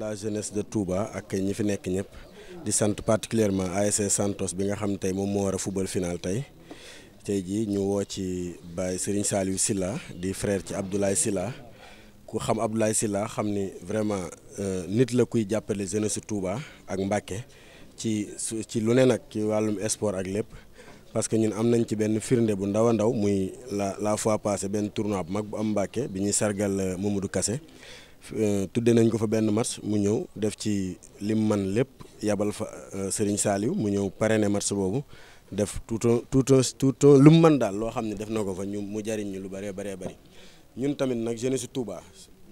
la jeunesse de Touba ak ñi fi nekk ñëpp di sant particulièrement ASC Santos bi nga xam tey moom moo war a football final tey tey jii ñu woo ci Baye Serigne Saliou Sylla di frère ci Abdoulaye Sylla ku xam Abdoulaye Sylla xam ni vraiment euh, nit la kuy jàppale jeunesse Touba ak Mbacké ci su ci lu ne nag ci wàllum sport ak lépp parce que ñun am nañ ci benn firnde bu ndaw a ndaw muy la la fois passée benn tournoi bu mag bu am Mbacké bi ñuy sargal euh, Mamadou Kassé Euh, tudde nañ ko fa benn match mu ñëw def ci lim man lépp yabal fa euh, Serigne Saliou mu ñëw pare parrainé match boobu def tout un tout un tout lu mu mën daal loo xam ne def na ko fa ñu mu jariñ lu bare bëree bëri ñun tamit nag jeunesse Touba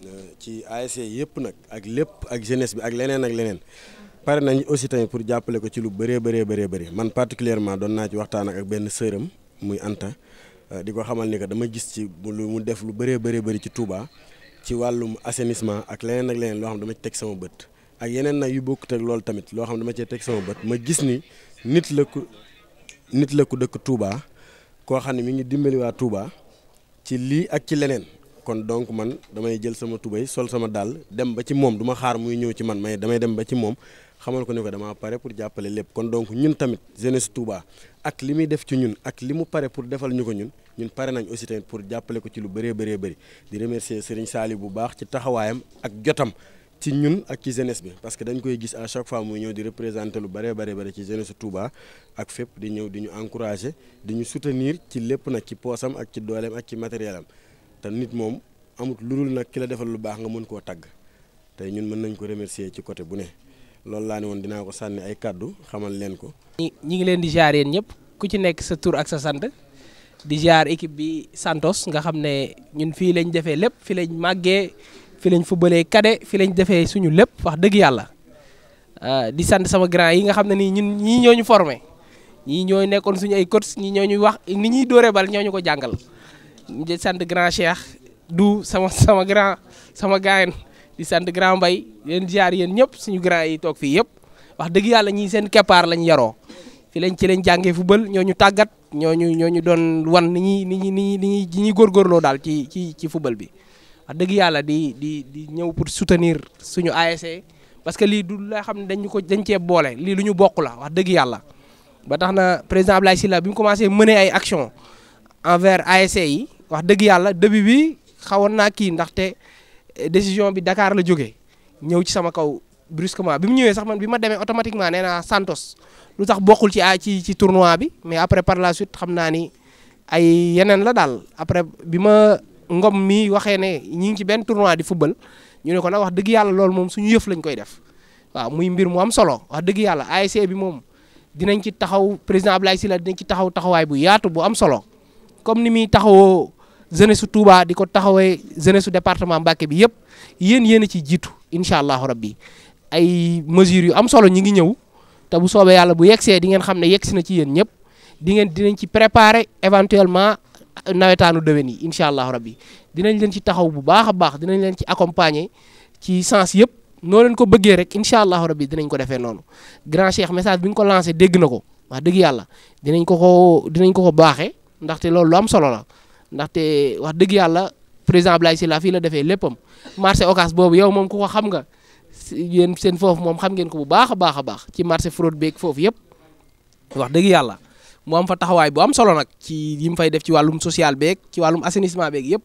euh, ci ASC yëpp nag ak lépp ak jeunesse bi ak leneen ak leneen pare nañ aussi tamit pour jàppale ko ci lu bëree bëree bëree bëri man particulièrement doon naa ci waxtaan ak benn sëram muy Anta di ko xamal ni que dama gis ci lu mu def lu bëree bëree bëri ci Touba. ci wàllum assainissement ak leneen ak leneen loo xam dama teg sama bët ak yeneen nag yu bokkut ak loolu tamit loo xam dama cee teg sama bët ma gis ni nit la ku nit la ku dëkk Touba koo xam ne mu ngi dimbaliwaa waa Touba ci lii ak ci leneen kon donc man damay jël sama tubay sol sama dàll dem ba ci moom du ma xaar muy ñëw ci man may damay dem ba ci moom xamal ko ne ko damaa pare pour jàppale lépp kon donc ñun tamit jeunesse Touba ak li muy def ci ñun ak li mu pare pour defal ñu ko ñun ñun pare nañ aussi tamit pour jàppale ko ci lu bëree bëree bëri di remercier Serigne Sali bu baax ci taxawaayam ak jotam ci ñun ak ci jeunesse bi parce que dañ koy gis à chaque fois muy ñëw di représenter lu bëree bëri bëri ci jeunesse Touba ak fépp di ñëw di ñu encourager di ñu soutenir ci lépp nag ci poosam ak ci dooleem ak ci matériel am te nit moom amut lu dul nag ki la defal lu baax nga mën koo tagg te ñun mën nañ ko remercier ci côté bu ne loolu laa ne woon dinaa ko sànni ay kàddu xamal leen ko. ñi ngi leen di jaar yéen ñëpp ku ci nekk sa tur ak sa sant. di ziar équipe bi Santos nga xam ne ñun fii lañ defee lépp fi lañ màggee fi lañ fubalee kade fi lañ defee suñu lépp wax dëgg yàlla ah, di sant sama grand yi nga xam ne nii ñun ñii ñoo ñu formé ñii ñooy nekkoon suñu ay coach ñii ñoo ñuy wax ni ñuy dóoree bal ñoo ñu ko jàngal di sant grand Cheikh du sama sama grand sama gaayen di sant grand mbay yéen ziar yéen ñëpp suñu grand yi toog fii yëpp wax dëgg yàlla ñii seen keppaar lañ yaroo. fi lañ ci lañ jàngee football ñoo ñu tàggat ñoo ñu ñoo ñu doon wan ni ñuy ni ñi ni ñuy ni ñuy góorgóorloo daal ci ci ci football bi. wax dëgg yàlla di di di ñëw pour soutenir suñu ASC parce que lii du laa xam ne dañu ko dañ cee boole lii lu ñu bokk la wax dëgg yàlla. ba tax na président Ablaye Sylla bi mu commencé mener ay action envers ASC yi wax dëgg yàlla début bi xawoon naa kii ndaxte eh, décision bi dakaar la jóge ñëw ci sama kaw. brusquement bi mu ñëwee sax man bi ma demee automatiquement nee Santos lu tax bokkul ci a ah, ci ci tournoi bi mais après par la suite xam naa ni ay yeneen la daal après bi ma ngom mi waxee ne ñi ngi ci benn tournoi di football ñu ne ko nag wax dëgg yàlla loolu moom suñu yëf lañ koy def waaw muy mbir mu am solo wax dëgg yàlla ASC bi moom dinañ ci taxaw président Ablaye Sylla dinañ ci taxaw taxawaay bu yaatu bu am solo comme ni muy taxawoo jeunesse su Touba di ko taxawee jeunesse su département Mbacké bi yëpp yéen yéen a ci jiitu incha allahu rabbi ay mesures yu am solo ñi ngi ñëw te bu soobee yàlla bu yegsee di ngeen xam ne yegsi na ci yéen ñëpp di ngeen dinañ ci préparer éventuellement nawetaanu déwén yi incha allah rabbi dinañ leen ci taxaw bu baax a baax dinañ leen ci accompagner ci sens yëpp noo leen ko bëggee rek incha allah rabbi dinañ ko defee noonu grand cheikh message bi nga ko lancé dégg na ko wax dëgg yàlla dinañ ko ko dinañ ko ko baaxee ndaxte loolu lu am solo la ndaxte wax dëgg yàlla président si la fii la defee léppam marché okas boobu yow moom ku ko xam nga. yéen seen foofu moom xam ngeen ko bu baax a baax a baax ci marché fraude beeg foofu yëpp wax dëgg yàlla moo am fa taxawaay bu am solo nag ci yi mu fay def ci wàllum social beeg ci wàllum assainissement beeg yëpp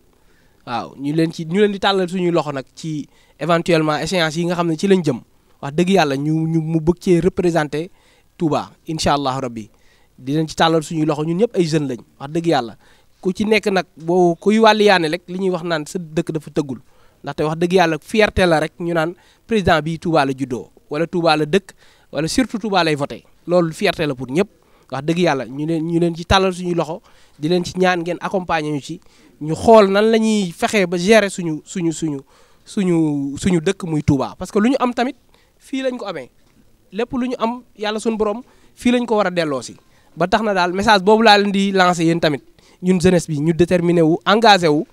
waaw ñu leen ci ñu leen di tàllal suñuy loxo nag ci éventuellement échéance yi xam ne ci lañ jëm wax dëgg yàlla ñu ñu mu bëgg cee représenté Touba incha allah rabbi dinañ ci tàllal suñuy loxo ñun ñëpp ay jeunes lañ wax dëgg yàlla ku ci nekk nag boo kuy wàlliyaane rek li ñuy wax naan sa dëkk dafa tëggul ndaxte wax dëgg yàlla fierté la rek ñu naan président bi Touba la juddoo wala Touba la dëkk wala surtout Touba lay voté loolu fierté la pour ñëpp wax dëgg yàlla ñu leen ñu leen ci tàllal suñu loxo di leen ci ñaan ngeen accompagner ñu ci ñu xool nan la ñuy fexee ba gérer suñu suñu suñu suñu suñu dëkk muy Touba parce que lu ñu am tamit fii lañ ko amee lépp lu ñu am yàlla suñu borom fii lañ ko war a delloo si ba tax na daal message boobu laa di lancer yéen tamit ñun jeunesse bi ñu déterminé wu engagé wu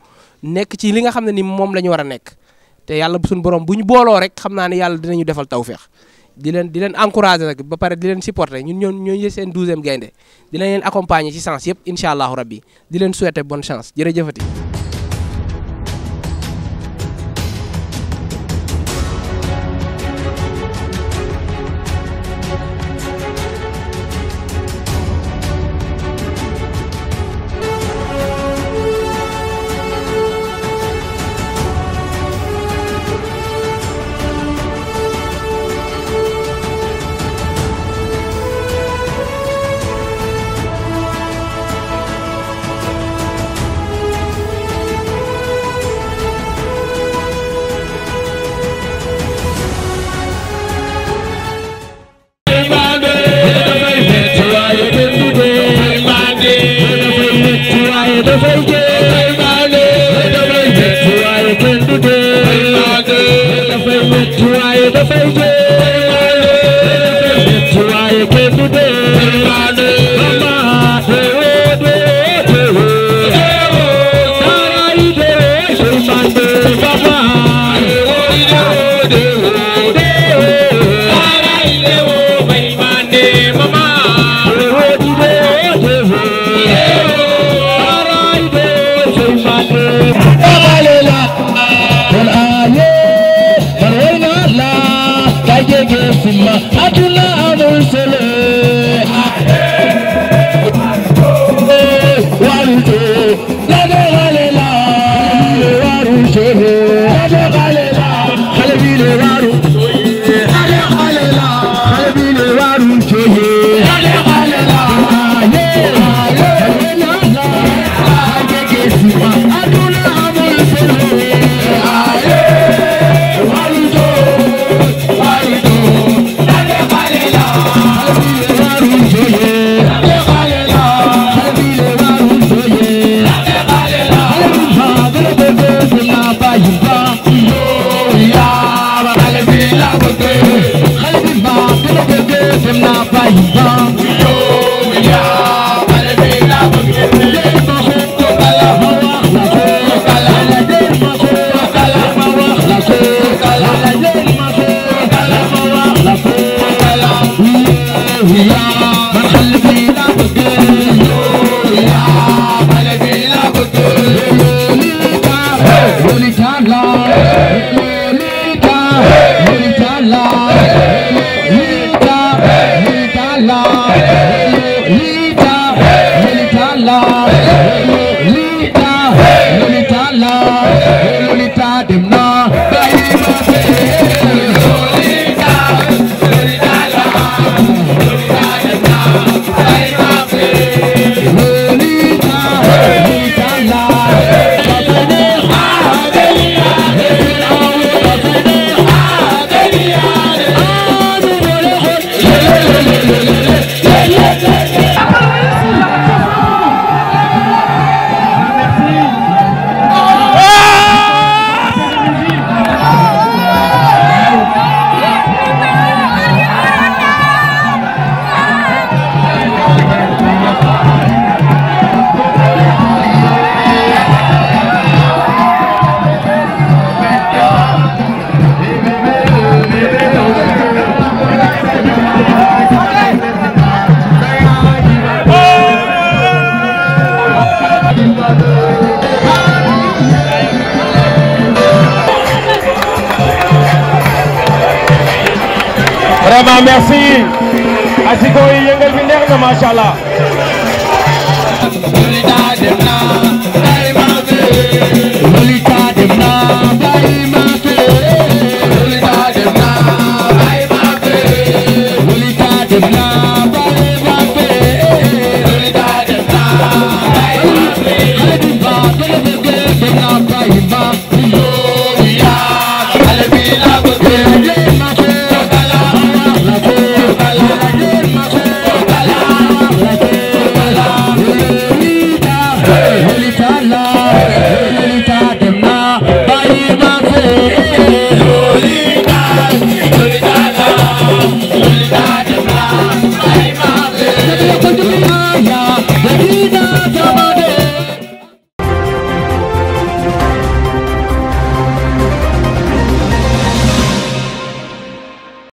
nekk ci li nga xam ne ni moom lañu war a nekk te yàlla bu suñu borom bu ñu booloo rek xam naa ne yàlla dinañu defal tawféex di leen di leen encouragé ba pare di leen supporté ñun ñoo ñooñu seen douzième gaynde dina leen accompagner ci sens yëpp incha allahu rabbi di leen souhaiter bonne chance jërëjëfati dafay Fatima, Abdul ah merci asiko yi yëngal bi neex na macha allah